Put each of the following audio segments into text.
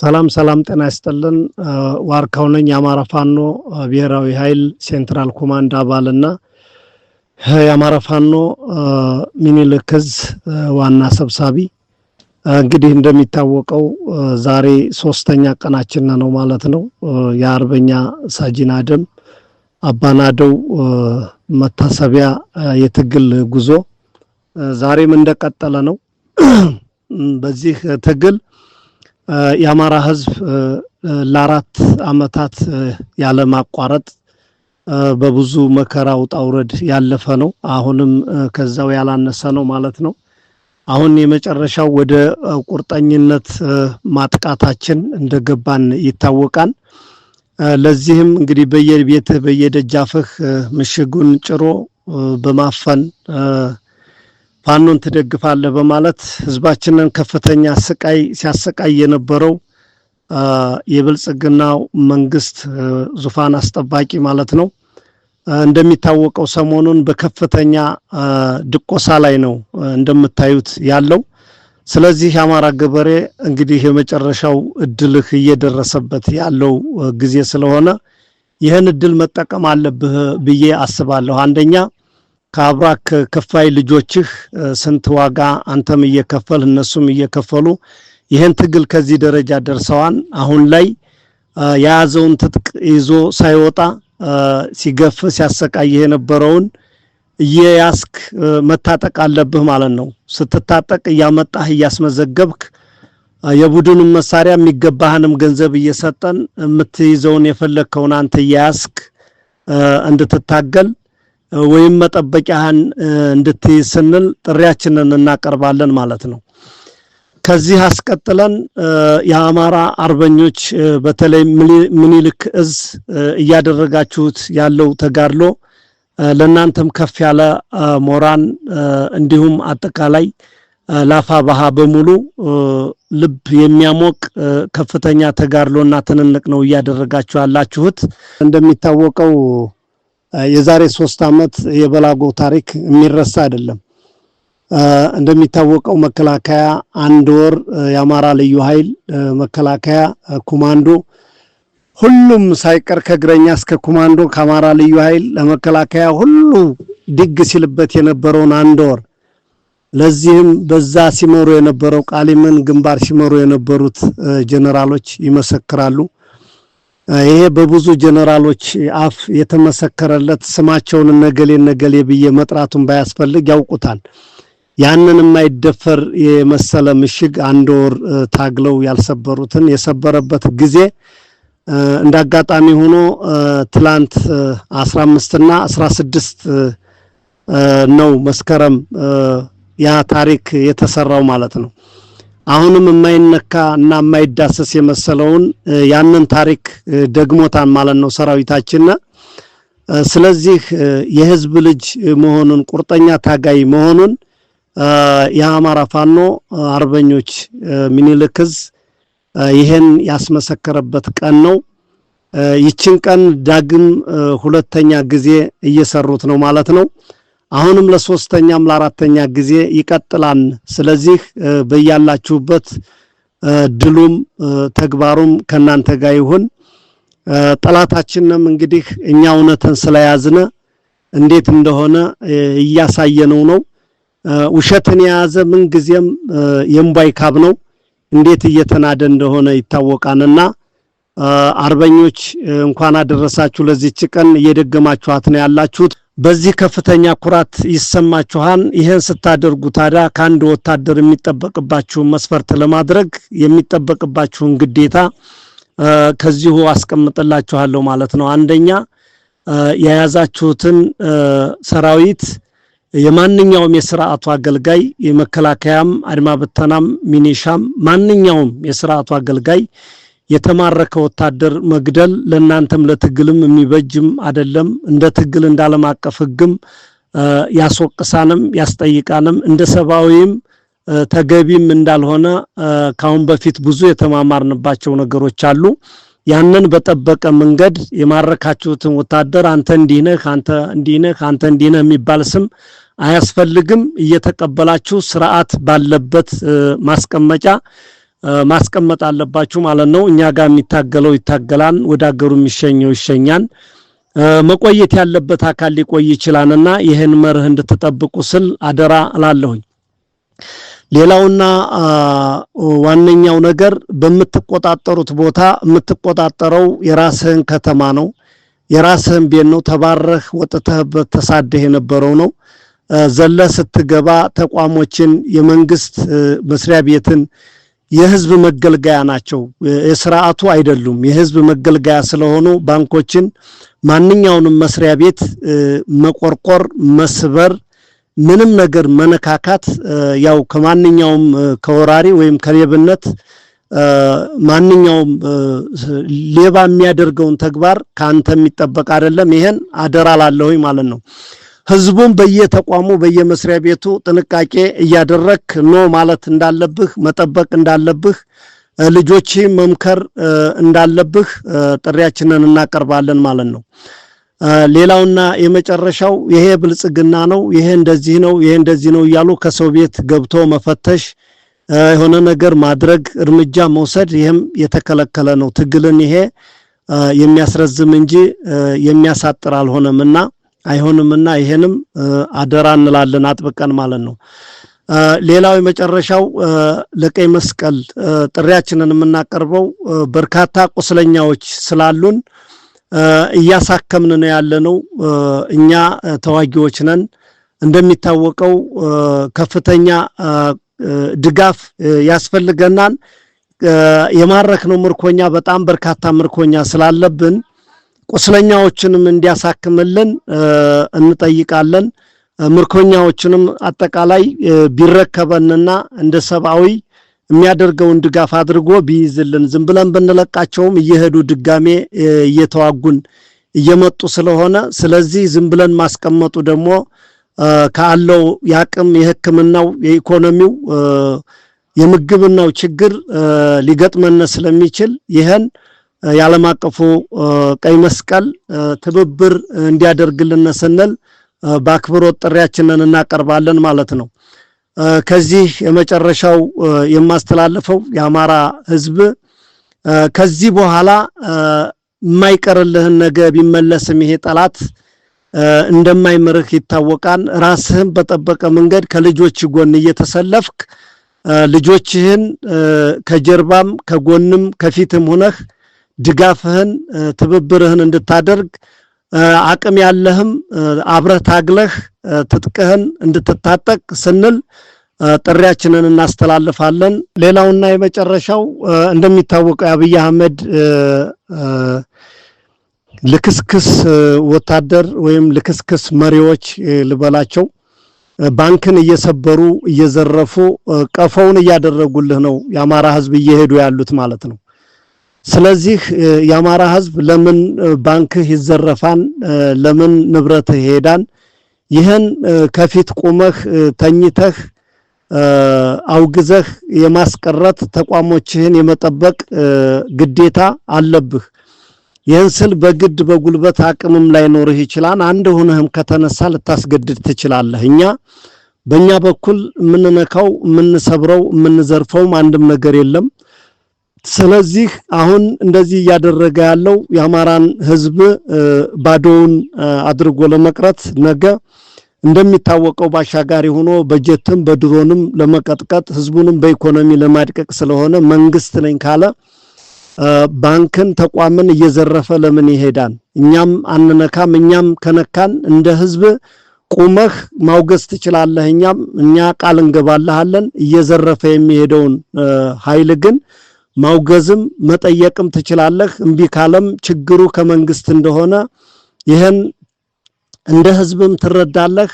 ሰላም ሰላም፣ ጤና ይስጥልን። ዋርካው ነኝ የአማራ ፋኖ ብሔራዊ ኃይል ሴንትራል ኮማንድ አባልና የአማራ ፋኖ ሚኒልክ ዕዝ ዋና ሰብሳቢ። እንግዲህ እንደሚታወቀው ዛሬ ሶስተኛ ቀናችን ነው ማለት ነው። የአርበኛ ሳጂን አደም አባናደው መታሰቢያ የትግል ጉዞ ዛሬም እንደቀጠለ ነው። በዚህ ትግል የአማራ ህዝብ ለአራት አመታት ያለ ማቋረጥ በብዙ መከራ ውጣ ውረድ ያለፈ ነው። አሁንም ከዛው ያላነሰ ነው ማለት ነው። አሁን የመጨረሻው ወደ ቁርጠኝነት ማጥቃታችን እንደገባን ይታወቃል። ለዚህም እንግዲህ በየቤትህ በየደጃፍህ ምሽጉን ጭሮ በማፈን ፋኖን ትደግፋለህ በማለት ህዝባችንን ከፍተኛ ስቃይ ሲያሰቃይ የነበረው የብልጽግናው መንግስት ዙፋን አስጠባቂ ማለት ነው። እንደሚታወቀው ሰሞኑን በከፍተኛ ድቆሳ ላይ ነው እንደምታዩት ያለው። ስለዚህ የአማራ ገበሬ እንግዲህ የመጨረሻው እድልህ እየደረሰበት ያለው ጊዜ ስለሆነ ይህን እድል መጠቀም አለብህ ብዬ አስባለሁ። አንደኛ ከአብራክ ክፋይ ልጆችህ ስንት ዋጋ አንተም እየከፈል እነሱም እየከፈሉ ይህን ትግል ከዚህ ደረጃ ደርሰዋል አሁን ላይ የያዘውን ትጥቅ ይዞ ሳይወጣ ሲገፍ ሲያሰቃይህ የነበረውን እየያስክ መታጠቅ አለብህ ማለት ነው። ስትታጠቅ እያመጣህ እያስመዘገብክ የቡድኑን መሳሪያ የሚገባህንም ገንዘብ እየሰጠን የምትይዘውን የፈለግከውን አንተ እያያስክ እንድትታገል ወይም መጠበቂያህን እንድትይዝ ስንል ጥሪያችንን እናቀርባለን ማለት ነው። ከዚህ አስቀጥለን የአማራ አርበኞች በተለይ ምኒልክ እዝ እያደረጋችሁት ያለው ተጋድሎ ለእናንተም ከፍ ያለ ሞራን እንዲሁም አጠቃላይ ላፋ ባሃ በሙሉ ልብ የሚያሞቅ ከፍተኛ ተጋድሎና ትንንቅ ነው እያደረጋችሁ ያላችሁት እንደሚታወቀው የዛሬ ሶስት ዓመት የበላጎ ታሪክ የሚረሳ አይደለም። እንደሚታወቀው መከላከያ አንድ ወር የአማራ ልዩ ኃይል መከላከያ ኮማንዶ ሁሉም ሳይቀር ከእግረኛ እስከ ኮማንዶ ከአማራ ልዩ ኃይል ለመከላከያ ሁሉ ድግ ሲልበት የነበረውን አንድ ወር ለዚህም በዛ ሲመሩ የነበረው ቃሊምን ግንባር ሲመሩ የነበሩት ጀነራሎች ይመሰክራሉ። ይሄ በብዙ ጀነራሎች አፍ የተመሰከረለት ስማቸውን ነገሌ ነገሌ ብዬ መጥራቱን ባያስፈልግ ያውቁታል። ያንን የማይደፈር የመሰለ ምሽግ አንድ ወር ታግለው ያልሰበሩትን የሰበረበት ጊዜ እንዳጋጣሚ ሆኖ ትላንት 15 እና 16 ነው መስከረም ያ ታሪክ የተሰራው ማለት ነው። አሁንም የማይነካ እና የማይዳሰስ የመሰለውን ያንን ታሪክ ደግሞታን ማለት ነው ሰራዊታችንና ስለዚህ የህዝብ ልጅ መሆኑን ቁርጠኛ ታጋይ መሆኑን የአማራ ፋኖ አርበኞች ሚኒልክዝ ይሄን ያስመሰከረበት ቀን ነው። ይችን ቀን ዳግም ሁለተኛ ጊዜ እየሰሩት ነው ማለት ነው። አሁንም ለሶስተኛም ለአራተኛ ጊዜ ይቀጥላል። ስለዚህ በያላችሁበት ድሉም ተግባሩም ከናንተ ጋር ይሁን። ጠላታችንም እንግዲህ እኛ እውነትን ስለያዝነ እንዴት እንደሆነ እያሳየነው ነው። ውሸትን የያዘ ምን ጊዜም የእምቧይ ካብ ነው፣ እንዴት እየተናደ እንደሆነ ይታወቃልና አርበኞች እንኳን አደረሳችሁ ለዚች ቀን እየደገማችኋት ነው ያላችሁት። በዚህ ከፍተኛ ኩራት ይሰማችኋል። ይህን ስታደርጉ ታዲያ ከአንድ ወታደር የሚጠበቅባችሁን መስፈርት ለማድረግ የሚጠበቅባችሁን ግዴታ ከዚሁ አስቀምጥላችኋለሁ ማለት ነው። አንደኛ የያዛችሁትን ሰራዊት የማንኛውም የስርዓቱ አገልጋይ የመከላከያም፣ አድማ ብተናም፣ ሚኒሻም ማንኛውም የስርዓቱ አገልጋይ የተማረከ ወታደር መግደል ለእናንተም ለትግልም የሚበጅም አይደለም እንደ ትግል እንደ ዓለም አቀፍ ሕግም ያስወቅሳንም ያስጠይቃንም እንደ ሰብአዊም ተገቢም እንዳልሆነ ካሁን በፊት ብዙ የተማማርንባቸው ነገሮች አሉ። ያንን በጠበቀ መንገድ የማረካችሁትን ወታደር አንተ እንዲህ ነህ፣ አንተ እንዲህ ነህ፣ አንተ እንዲህ ነህ የሚባል ስም አያስፈልግም። እየተቀበላችሁ ስርዓት ባለበት ማስቀመጫ ማስቀመጥ አለባችሁ ማለት ነው። እኛ ጋር የሚታገለው ይታገላል፣ ወደ አገሩ የሚሸኘው ይሸኛል። መቆየት ያለበት አካል ሊቆይ ይችላልና ይህን መርህ እንድትጠብቁ ስል አደራ እላለሁኝ። ሌላውና ዋነኛው ነገር በምትቆጣጠሩት ቦታ የምትቆጣጠረው የራስህን ከተማ ነው፣ የራስህን ቤት ነው። ተባረህ ወጥተህበት ተሳደህ የነበረው ነው። ዘለ ስትገባ ተቋሞችን፣ የመንግስት መስሪያ ቤትን የህዝብ መገልገያ ናቸው፣ የስርዓቱ አይደሉም። የህዝብ መገልገያ ስለሆኑ ባንኮችን ማንኛውንም መስሪያ ቤት መቆርቆር፣ መስበር፣ ምንም ነገር መነካካት ያው ከማንኛውም ከወራሪ ወይም ከሌብነት ማንኛውም ሌባ የሚያደርገውን ተግባር ከአንተ የሚጠበቅ አይደለም። ይሄን አደራ ላለሁኝ ማለት ነው። ህዝቡም በየተቋሙ በየመስሪያ ቤቱ ጥንቃቄ እያደረክ ኖ ማለት እንዳለብህ መጠበቅ እንዳለብህ ልጆች መምከር እንዳለብህ ጥሪያችንን እናቀርባለን ማለት ነው። ሌላውና የመጨረሻው ይሄ ብልጽግና ነው፣ ይሄ እንደዚህ ነው፣ ይሄ እንደዚህ ነው እያሉ ከሰው ቤት ገብቶ መፈተሽ፣ የሆነ ነገር ማድረግ፣ እርምጃ መውሰድ ይህም የተከለከለ ነው። ትግልን ይሄ የሚያስረዝም እንጂ የሚያሳጥር አልሆነምና አይሆንምና ይሄንም አደራ እንላለን አጥብቀን ማለት ነው። ሌላው የመጨረሻው ለቀይ መስቀል ጥሪያችንን የምናቀርበው በርካታ ቁስለኛዎች ስላሉን እያሳከምን ነው ያለነው። እኛ ተዋጊዎች ነን። እንደሚታወቀው ከፍተኛ ድጋፍ ያስፈልገናል። ነው ምርኮኛ በጣም በርካታ ምርኮኛ ስላለብን ቁስለኛዎችንም እንዲያሳክምልን እንጠይቃለን። ምርኮኛዎችንም አጠቃላይ ቢረከበንና እንደ ሰብአዊ የሚያደርገውን ድጋፍ አድርጎ ቢይዝልን ዝም ብለን ብንለቃቸውም እየሄዱ ድጋሜ እየተዋጉን እየመጡ ስለሆነ ስለዚህ ዝም ብለን ማስቀመጡ ደግሞ ካለው የአቅም የሕክምናው የኢኮኖሚው የምግብናው ችግር ሊገጥመን ስለሚችል ይህን የዓለም አቀፉ ቀይ መስቀል ትብብር እንዲያደርግልን ስንል በአክብሮት ጥሪያችንን እናቀርባለን ማለት ነው። ከዚህ የመጨረሻው የማስተላልፈው የአማራ ሕዝብ ከዚህ በኋላ የማይቀርልህን ነገ ቢመለስም ይሄ ጠላት እንደማይምርህ ይታወቃል። ራስህን በጠበቀ መንገድ ከልጆች ጎን እየተሰለፍክ ልጆችህን ከጀርባም ከጎንም ከፊትም ሆነህ ድጋፍህን ትብብርህን እንድታደርግ አቅም ያለህም አብረህ ታግለህ ትጥቅህን እንድትታጠቅ ስንል ጥሪያችንን እናስተላልፋለን። ሌላውና የመጨረሻው እንደሚታወቀው የአብይ አህመድ ልክስክስ ወታደር ወይም ልክስክስ መሪዎች ልበላቸው ባንክን እየሰበሩ እየዘረፉ ቀፈውን እያደረጉልህ ነው፣ የአማራ ህዝብ እየሄዱ ያሉት ማለት ነው። ስለዚህ የአማራ ህዝብ ለምን ባንክህ ይዘረፋን? ለምን ንብረትህ ይሄዳን? ይህን ከፊት ቁመህ ተኝተህ አውግዘህ የማስቀረት ተቋሞችህን የመጠበቅ ግዴታ አለብህ። ይህን ስል በግድ በጉልበት አቅምም ላይኖርህ ይችላል። አንድ ሆነህም ከተነሳ ልታስገድድ ትችላለህ። እኛ በእኛ በኩል የምንነካው የምንሰብረው የምንዘርፈውም አንድም ነገር የለም። ስለዚህ አሁን እንደዚህ እያደረገ ያለው የአማራን ህዝብ ባዶውን አድርጎ ለመቅረት ነገ እንደሚታወቀው ባሻጋሪ ሆኖ በጀትም በድሮንም ለመቀጥቀጥ ህዝቡንም በኢኮኖሚ ለማድቀቅ ስለሆነ መንግስት ነኝ ካለ ባንክን ተቋምን እየዘረፈ ለምን ይሄዳል? እኛም አንነካም። እኛም ከነካን እንደ ህዝብ ቁመህ ማውገዝ ትችላለህ። እኛም እኛ ቃል እንገባልሃለን። እየዘረፈ የሚሄደውን ኃይል ግን ማውገዝም መጠየቅም ትችላለህ። እምቢ ካለም ችግሩ ከመንግስት እንደሆነ ይህን እንደ ህዝብም ትረዳለህ።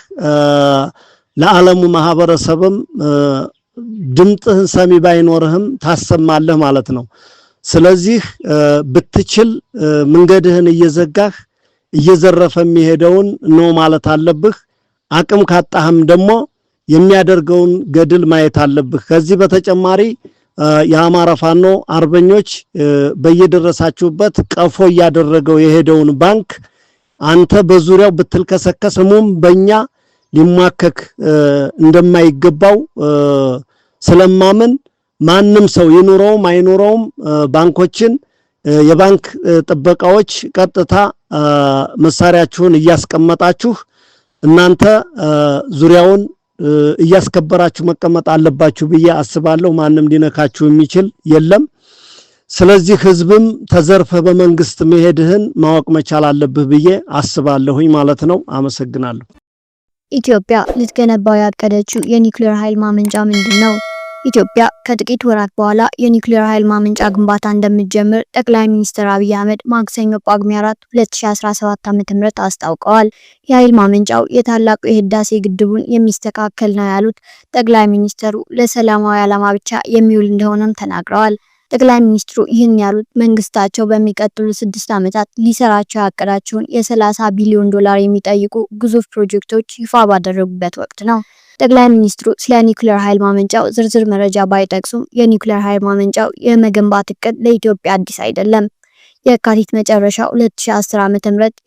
ለዓለሙ ማህበረሰብም ድምጥህን ሰሚ ባይኖርህም ታሰማለህ ማለት ነው። ስለዚህ ብትችል መንገድህን እየዘጋህ እየዘረፈ የሚሄደውን ነው ማለት አለብህ። አቅም ካጣህም ደግሞ የሚያደርገውን ገድል ማየት አለብህ። ከዚህ በተጨማሪ የአማራ ፋኖ አርበኞች በየደረሳችሁበት ቀፎ እያደረገው የሄደውን ባንክ አንተ በዙሪያው ብትልከሰከስ ሙም በእኛ ሊማከክ እንደማይገባው ስለማምን ማንም ሰው ይኑረውም አይኑረውም ባንኮችን የባንክ ጥበቃዎች ቀጥታ መሳሪያችሁን እያስቀመጣችሁ እናንተ ዙሪያውን እያስከበራችሁ መቀመጥ አለባችሁ ብዬ አስባለሁ። ማንም ሊነካችሁ የሚችል የለም። ስለዚህ ህዝብም ተዘርፈ በመንግስት መሄድህን ማወቅ መቻል አለብህ ብዬ አስባለሁኝ ማለት ነው። አመሰግናለሁ። ኢትዮጵያ ልትገነባው ያቀደችው የኒውክሌር ኃይል ማመንጫ ምንድን ነው? ኢትዮጵያ ከጥቂት ወራት በኋላ የኒውክሌር ኃይል ማመንጫ ግንባታ እንደምትጀምር ጠቅላይ ሚኒስትር አብይ አህመድ ማክሰኞ ጳጉሜ 4 2017 ዓ.ም አስታውቀዋል። የኃይል ማመንጫው የታላቁ የህዳሴ ግድቡን የሚስተካከል ነው ያሉት ጠቅላይ ሚኒስትሩ ለሰላማዊ ዓላማ ብቻ የሚውል እንደሆነም ተናግረዋል። ጠቅላይ ሚኒስትሩ ይህን ያሉት መንግስታቸው በሚቀጥሉ ስድስት ዓመታት ሊሰራቸው ያቀዳቸውን የ30 ቢሊዮን ዶላር የሚጠይቁ ግዙፍ ፕሮጀክቶች ይፋ ባደረጉበት ወቅት ነው። ጠቅላይ ሚኒስትሩ ስለ ኒውክሌር ኃይል ማመንጫው ዝርዝር መረጃ ባይጠቅሱም የኒውክሌር ኃይል ማመንጫው የመገንባት እቅድ ለኢትዮጵያ አዲስ አይደለም። የካቲት መጨረሻ 2010 ዓ.ም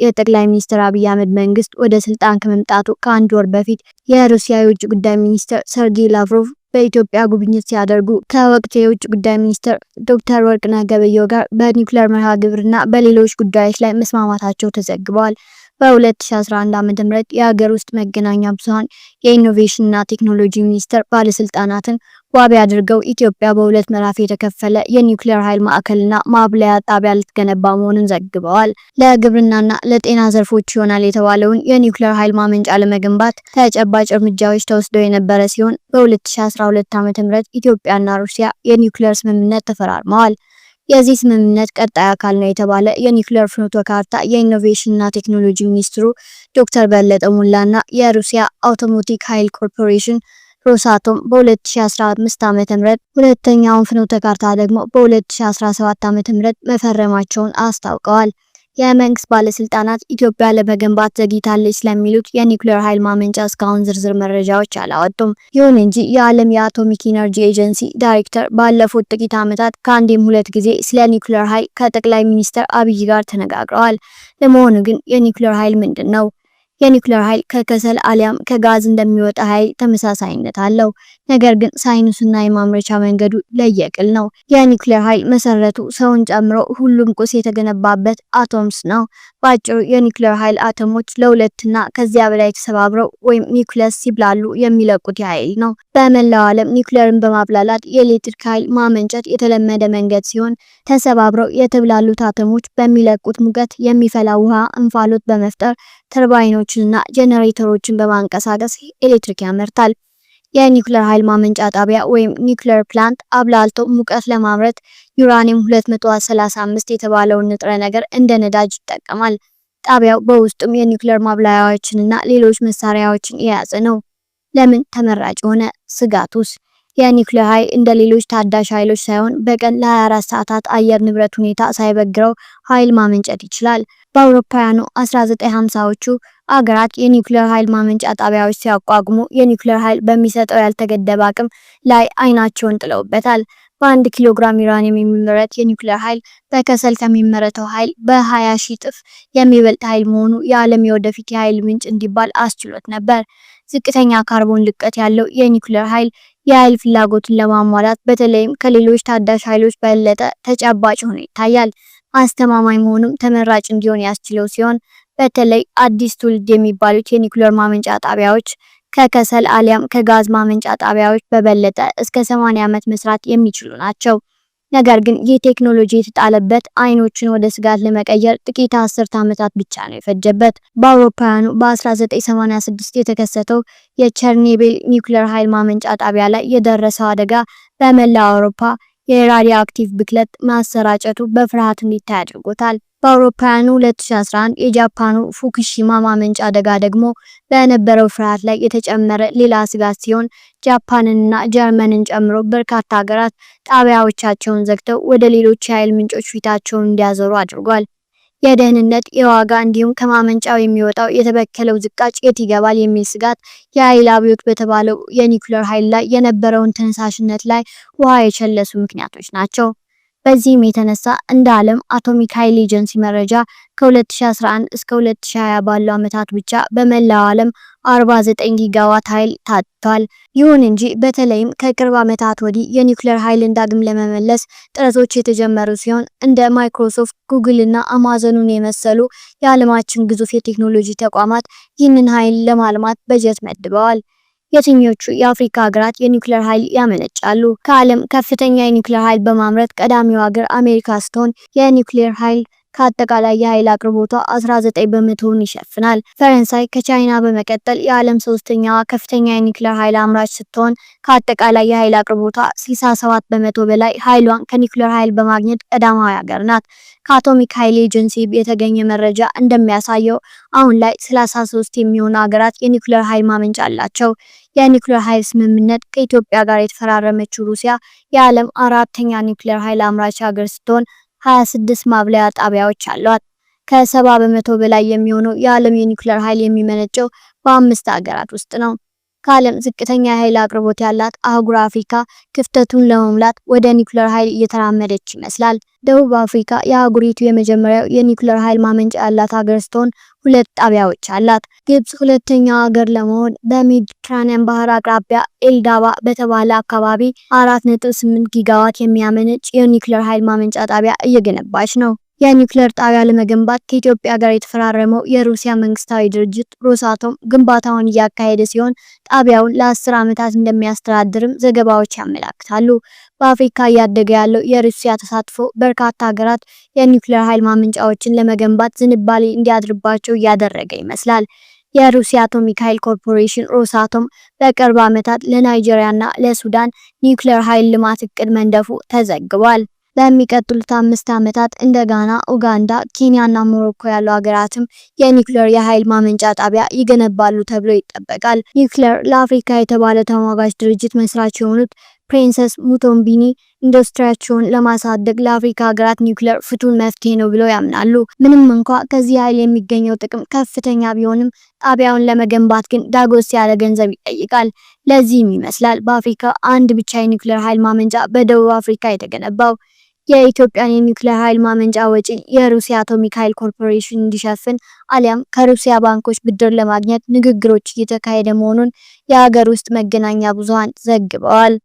የጠቅላይ ሚኒስትር አብይ አህመድ መንግስት ወደ ስልጣን ከመምጣቱ ከአንድ ወር በፊት የሩሲያ የውጭ ጉዳይ ሚኒስትር ሰርጌይ ላቭሮቭ በኢትዮጵያ ጉብኝት ሲያደርጉ ከወቅቱ የውጭ ጉዳይ ሚኒስትር ዶክተር ወርቅነህ ገበየሁ ጋር በኒውክሌር መርሃ ግብርና በሌሎች ጉዳዮች ላይ መስማማታቸው ተዘግበዋል። በ2011 ዓ.ም የሀገር ውስጥ መገናኛ ብዙሃን የኢኖቬሽንና ቴክኖሎጂ ሚኒስቴር ባለስልጣናትን ዋቢ አድርገው ኢትዮጵያ በሁለት ምዕራፍ የተከፈለ የኒውክሌር ኃይል ማዕከልና ማብለያ ጣቢያ ልትገነባ መሆኑን ዘግበዋል። ለግብርናና ለጤና ዘርፎች ይሆናል የተባለውን የኒውክሌር ኃይል ማመንጫ ለመገንባት ተጨባጭ እርምጃዎች ተወስደው የነበረ ሲሆን በ2012 ዓ.ም ኢትዮጵያና ሩሲያ የኒውክሌር ስምምነት ተፈራርመዋል። የዚህ ስምምነት ቀጣይ አካል ነው የተባለ የኒውክሌር ፍኖተ ካርታ የኢኖቬሽንና ቴክኖሎጂ ሚኒስትሩ ዶክተር በለጠ ሞላና የሩሲያ አውቶሞቲክ ኃይል ኮርፖሬሽን ሮሳቶም በ2015 ዓ ም ሁለተኛውን ፍኖተ ካርታ ደግሞ በ2017 ዓ ም መፈረማቸውን አስታውቀዋል። የመንግስት ባለስልጣናት ኢትዮጵያ ለመገንባት ዘግይታለች ስለሚሉት የኒውክሌር ኃይል ማመንጫ እስካሁን ዝርዝር መረጃዎች አላወጡም። ይሁን እንጂ የዓለም የአቶሚክ ኢነርጂ ኤጀንሲ ዳይሬክተር ባለፉት ጥቂት ዓመታት ከአንዴም ሁለት ጊዜ ስለ ኒውክሌር ኃይል ከጠቅላይ ሚኒስትር አብይ ጋር ተነጋግረዋል። ለመሆኑ ግን የኒውክሌር ኃይል ምንድን ነው? የኒውክሌር ኃይል ከከሰል አሊያም ከጋዝ እንደሚወጣ ኃይል ተመሳሳይነት አለው። ነገር ግን ሳይንሱና የማምረቻ መንገዱ ለየቅል ነው። የኒውክሌር ኃይል መሰረቱ ሰውን ጨምሮ ሁሉም ቁስ የተገነባበት አቶምስ ነው። በአጭሩ የኒውክሌር ኃይል አተሞች ለሁለትና ከዚያ በላይ ተሰባብረው ወይም ኒውክለስ ሲብላሉ የሚለቁት ኃይል ነው። በመላው ዓለም ኒውክሌርን በማብላላት የኤሌክትሪክ ኃይል ማመንጨት የተለመደ መንገድ ሲሆን ተሰባብረው የተብላሉት አተሞች በሚለቁት ሙቀት የሚፈላ ውሃ እንፋሎት በመፍጠር ተርባይኖችንና ጄኔሬተሮችን በማንቀሳቀስ ኤሌክትሪክ ያመርታል። የኒውክሌር ኃይል ማመንጫ ጣቢያ ወይም ኒውክሌር ፕላንት አብላልቶ ሙቀት ለማምረት ዩራኒየም 235 የተባለውን ንጥረ ነገር እንደ ነዳጅ ይጠቀማል። ጣቢያው በውስጡም የኒውክሌር ማብላያዎችንና ሌሎች መሳሪያዎችን የያዘ ነው። ለምን ተመራጭ ሆነ? ስጋቱስ? የኒውክሌር ኃይል እንደ ሌሎች ታዳሽ ኃይሎች ሳይሆን በቀን ለ24 ሰዓታት አየር ንብረት ሁኔታ ሳይበግረው ኃይል ማመንጨት ይችላል። በአውሮፓውያኑ 1950ዎቹ አገራት የኒውክሌር ኃይል ማመንጫ ጣቢያዎች ሲያቋቁሙ የኒውክሌር ኃይል በሚሰጠው ያልተገደበ አቅም ላይ አይናቸውን ጥለውበታል። በአንድ ኪሎ ግራም ዩራኒየም የሚመረት የኒውክሌር ኃይል በከሰል ከሚመረተው ኃይል በ20 ሺ ጥፍ የሚበልጥ ኃይል መሆኑ የዓለም የወደፊት የኃይል ምንጭ እንዲባል አስችሎት ነበር። ዝቅተኛ ካርቦን ልቀት ያለው የኒውክሌር ኃይል የኃይል ፍላጎትን ለማሟላት በተለይም ከሌሎች ታዳሽ ኃይሎች በለጠ ተጨባጭ ሆኖ ይታያል። አስተማማኝ መሆኑም ተመራጭ እንዲሆን ያስችለው ሲሆን በተለይ አዲስ ትውልድ የሚባሉት የኒውክሌር ማመንጫ ጣቢያዎች ከከሰል አሊያም ከጋዝ ማመንጫ ጣቢያዎች በበለጠ እስከ 80 ዓመት መስራት የሚችሉ ናቸው። ነገር ግን ይህ ቴክኖሎጂ የተጣለበት አይኖችን ወደ ስጋት ለመቀየር ጥቂት አስርት ዓመታት ብቻ ነው የፈጀበት። በአውሮፓውያኑ በ1986 የተከሰተው የቸርኔቤል ኒውክሌር ኃይል ማመንጫ ጣቢያ ላይ የደረሰው አደጋ በመላው አውሮፓ የራዲዮ አክቲቭ ብክለት ማሰራጨቱ በፍርሃት እንዲታይ አድርጎታል። በአውሮፓውያኑ 2011 የጃፓኑ ፉኩሺማ ማመንጫ አደጋ ደግሞ በነበረው ፍርሃት ላይ የተጨመረ ሌላ ስጋት ሲሆን ጃፓንንና ጀርመንን ጨምሮ በርካታ ሀገራት ጣቢያዎቻቸውን ዘግተው ወደ ሌሎች የኃይል ምንጮች ፊታቸውን እንዲያዞሩ አድርጓል። የደህንነት የዋጋ እንዲሁም ከማመንጫው የሚወጣው የተበከለው ዝቃጭ የት ይገባል የሚል ስጋት የኃይል አብዮት በተባለው የኒውክሌር ኃይል ላይ የነበረውን ተነሳሽነት ላይ ውሃ የቸለሱ ምክንያቶች ናቸው። በዚህም የተነሳ እንደ ዓለም አቶሚክ ኃይል ኤጀንሲ መረጃ ከ2011 እስከ 2020 ባሉ ዓመታት ብቻ በመላው ዓለም 49 ጊጋዋት ኃይል ታጥቷል። ይሁን እንጂ በተለይም ከቅርብ ዓመታት ወዲህ የኒውክሌር ኃይልን ዳግም ለመመለስ ጥረቶች የተጀመሩ ሲሆን እንደ ማይክሮሶፍት፣ ጉግል እና አማዘኑን የመሰሉ የዓለማችን ግዙፍ የቴክኖሎጂ ተቋማት ይህንን ኃይል ለማልማት በጀት መድበዋል። የትኞቹ የአፍሪካ ሀገራት የኒውክሌር ኃይል ያመነጫሉ? ከዓለም ከፍተኛ የኒውክሌር ኃይል በማምረት ቀዳሚው ሀገር አሜሪካ ስትሆን የኒውክሌር ኃይል ከአጠቃላይ የኃይል አቅርቦቷ 19 በመቶውን ይሸፍናል። ፈረንሳይ ከቻይና በመቀጠል የዓለም ሶስተኛዋ ከፍተኛ የኒክሌር ኃይል አምራች ስትሆን ከአጠቃላይ የኃይል አቅርቦቷ 67 በመቶ በላይ ኃይሏን ከኒክሌር ኃይል በማግኘት ቀዳማዊ ሀገር ናት። ከአቶሚክ ኃይል ኤጀንሲ የተገኘ መረጃ እንደሚያሳየው አሁን ላይ 33 የሚሆኑ ሀገራት የኒክሌር ኃይል ማመንጫ አላቸው። የኒክሌር ኃይል ስምምነት ከኢትዮጵያ ጋር የተፈራረመችው ሩሲያ የዓለም አራተኛ ኒክሌር ኃይል አምራች ሀገር ስትሆን 26 ማብለያ ጣቢያዎች አሏት። ከ70 በመቶ በላይ የሚሆነው የዓለም የኒውክሌር ኃይል የሚመነጨው በአምስት ሀገራት ውስጥ ነው። ከዓለም ዝቅተኛ የኃይል አቅርቦት ያላት አህጉር አፍሪካ ክፍተቱን ለመሙላት ወደ ኒውክሌር ኃይል እየተራመደች ይመስላል። ደቡብ አፍሪካ የአህጉሪቱ የመጀመሪያው የኒውክሌር ኃይል ማመንጫ ያላት ሀገር ስትሆን ሁለት ጣቢያዎች አላት። ግብጽ ሁለተኛው ሀገር ለመሆን በሜዲትራኒያን ባህር አቅራቢያ ኤልዳባ በተባለ አካባቢ 4.8 ጊጋዋት የሚያመነጭ የኒውክሌር ኃይል ማመንጫ ጣቢያ እየገነባች ነው። የኒውክሌር ጣቢያ ለመገንባት ከኢትዮጵያ ጋር የተፈራረመው የሩሲያ መንግስታዊ ድርጅት ሮሳቶም ግንባታውን እያካሄደ ሲሆን ጣቢያውን ለአስር ዓመታት እንደሚያስተዳድርም ዘገባዎች ያመላክታሉ። በአፍሪካ እያደገ ያለው የሩሲያ ተሳትፎ በርካታ ሀገራት የኒውክሌር ኃይል ማመንጫዎችን ለመገንባት ዝንባሌ እንዲያድርባቸው እያደረገ ይመስላል። የሩሲያ አቶሚክ ኃይል ኮርፖሬሽን ሮሳቶም በቅርብ ዓመታት ለናይጄሪያና ለሱዳን ኒውክሌር ኃይል ልማት እቅድ መንደፉ ተዘግቧል። በሚቀጥሉት አምስት ዓመታት እንደ ጋና፣ ኡጋንዳ፣ ኬንያና ሞሮኮ ያሉ ሀገራትም የኒውክሌር የኃይል ማመንጫ ጣቢያ ይገነባሉ ተብሎ ይጠበቃል። ኒውክሌር ለአፍሪካ የተባለ ተሟጋች ድርጅት መስራች የሆኑት ፕሪንሰስ ሙቶምቢኒ ኢንዱስትሪያቸውን ለማሳደግ ለአፍሪካ ሀገራት ኒውክሌር ፍቱን መፍትሄ ነው ብለው ያምናሉ። ምንም እንኳ ከዚህ ኃይል የሚገኘው ጥቅም ከፍተኛ ቢሆንም ጣቢያውን ለመገንባት ግን ዳጎስ ያለ ገንዘብ ይጠይቃል። ለዚህም ይመስላል በአፍሪካ አንድ ብቻ የኒውክሌር ኃይል ማመንጫ በደቡብ አፍሪካ የተገነባው። የኢትዮጵያን የኒውክሌር ኃይል ማመንጫ ወጪ የሩሲያ አቶሚክ ኃይል ኮርፖሬሽን እንዲሸፍን አሊያም ከሩሲያ ባንኮች ብድር ለማግኘት ንግግሮች እየተካሄደ መሆኑን የሀገር ውስጥ መገናኛ ብዙሃን ዘግበዋል።